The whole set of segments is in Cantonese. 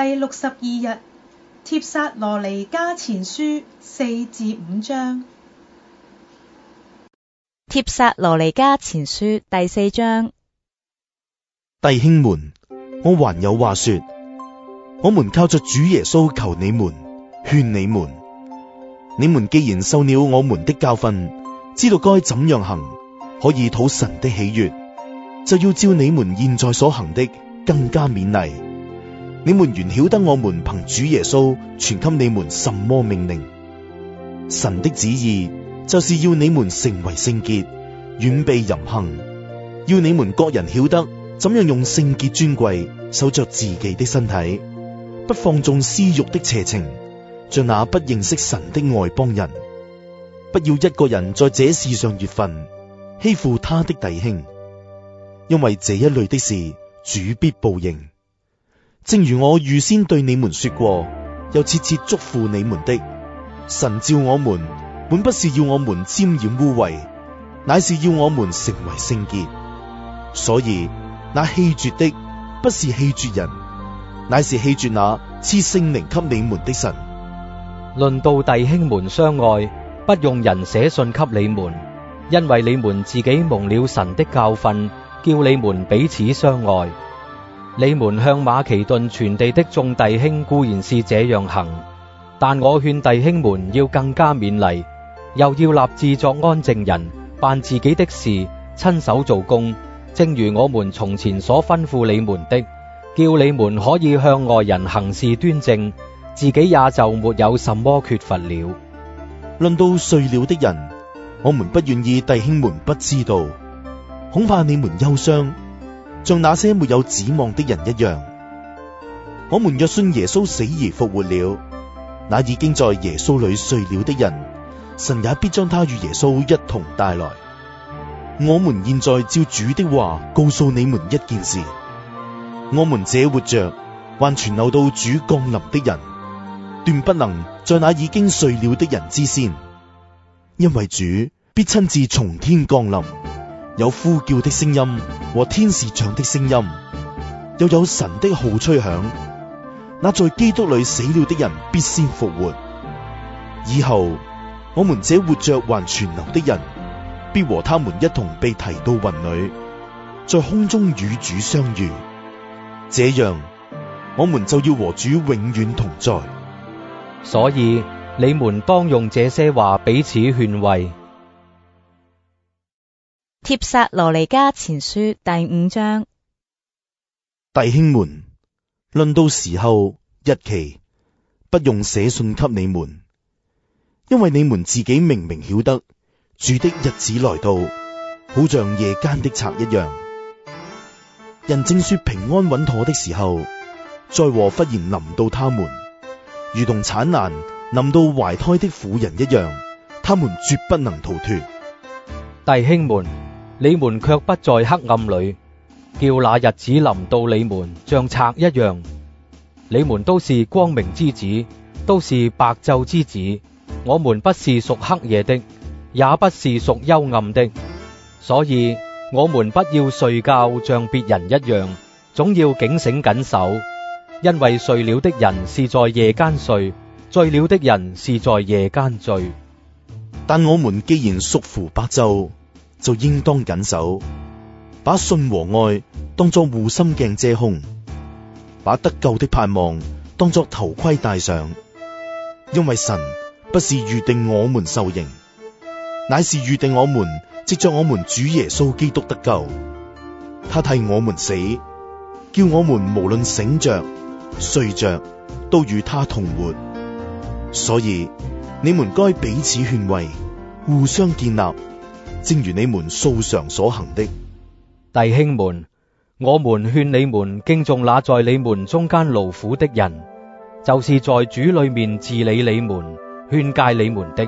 第六十二日，帖撒羅尼加前書四至五章。帖撒羅尼加前書第四章。弟兄們，我還有話說。我們靠着主耶穌求你們，勸你們，你們既然受了我們的教訓，知道該怎樣行，可以討神的喜悅，就要照你們現在所行的更加勉勵。你們原曉得我們憑主耶穌傳給你們什麼命令，神的旨意就是要你們成為聖潔，遠避淫行，要你們各人曉得怎樣用聖潔尊貴守着自己的身體，不放縱私欲的邪情，像那不認識神的外邦人，不要一個人在這世上越份欺負他的弟兄，因為這一類的事主必報應。正如我預先對你們說過，又切切囑咐你們的，神召我們，本不是要我們沾染污穢，乃是要我們成為聖潔。所以，那棄絕的，不是棄絕人，乃是棄絕那賜聖靈給你們的神。論到弟兄們相愛，不用人寫信給你們，因為你們自己蒙了神的教訓，叫你們彼此相愛。你們向馬其頓全地的眾弟兄固然是這樣行，但我勸弟兄們要更加勉勵，又要立志作安靜人，辦自己的事，親手做工，正如我們從前所吩咐你們的，叫你們可以向外人行事端正，自己也就沒有什麼缺乏了。論到睡了的人，我們不願意弟兄們不知道，恐怕你們憂傷。像那些沒有指望的人一樣，我們若信耶穌死而復活了，那已經在耶穌裡睡了的人，神也必將他與耶穌一同帶來。我們現在照主的話告訴你們一件事：我們這活着還存留到主降臨的人，斷不能在那已經睡了的人之先，因為主必親自從天降臨，有呼叫的聲音。和天使唱的聲音，又有神的號吹響，那在基督裏死了的人必先復活，以後我們這活着還存留的人，必和他們一同被提到雲裏，在空中與主相遇，這樣我們就要和主永遠同在。所以你們當用這些話彼此勸慰。帖撒羅尼迦前書第五章，弟兄們，論到時候日期，不用寫信給你們，因為你們自己明明曉得，主的日子來到，好像夜間的賊一樣。人正說平安穩妥的時候，災禍忽然臨到他們，如同產難臨到懷胎的婦人一樣，他們絕不能逃脱。弟兄們。你們卻不在黑暗裏，叫那日子臨到你們像賊一樣。你們都是光明之子，都是白晝之子。我們不是屬黑夜的，也不是屬幽暗的。所以，我們不要睡覺像別人一樣，總要警醒緊守，因為睡了的人是在夜間睡，醉了的人是在夜間醉。但我們既然屬乎白晝。就應當謹守，把信和愛當作護心鏡遮胸，把得救的盼望當作頭盔戴上。因為神不是預定我們受刑，乃是預定我們藉着我們主耶穌基督得救。他替我們死，叫我們無論醒着睡着，都與他同活。所以你們該彼此勸慰，互相建立。正如你們素常所行的，弟兄們，我們勸你們敬重那在你們中間勞苦的人，就是在主裏面治理你們、勸誡你們的。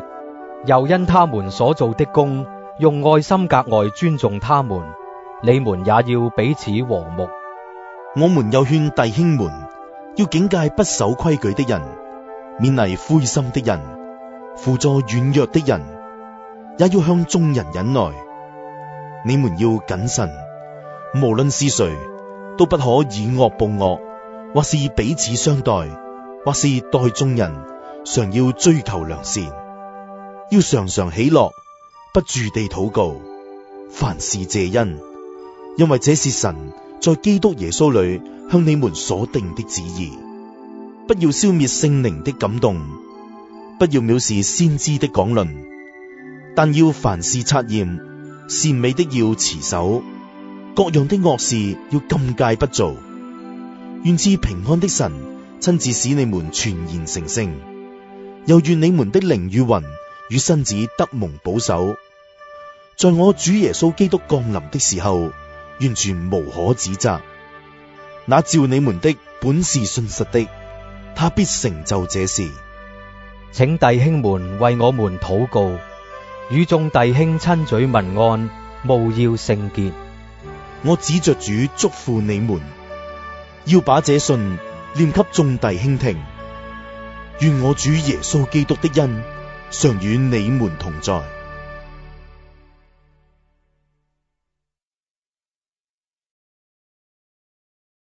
又因他們所做的工，用愛心格外尊重他們。你們也要彼此和睦。我們又勸弟兄們，要警戒不守規矩的人，勉勵灰心的人，輔助軟弱的人。也要向眾人忍耐，你們要謹慎，無論是誰，都不可以惡報惡，或是彼此相待，或是待眾人，常要追求良善，要常常喜樂，不住地禱告，凡事謝恩，因為這是神在基督耶穌裏向你們所定的旨意。不要消滅聖靈的感動，不要藐視先知的講論。但要凡事察驗，善美的要持守，各樣的惡事要禁戒不做。願至平安的神親自使你們全然成聖，又願你們的靈與魂與身子得蒙保守，在我主耶穌基督降臨的時候，完全無可指責。那照你們的本是信實的，他必成就這事。請弟兄們為我們禱告。與眾弟兄親嘴問安，務要聖潔。我指着主祝福你們，要把這信念給眾弟兄聽。願我主耶穌基督的恩常與你們同在。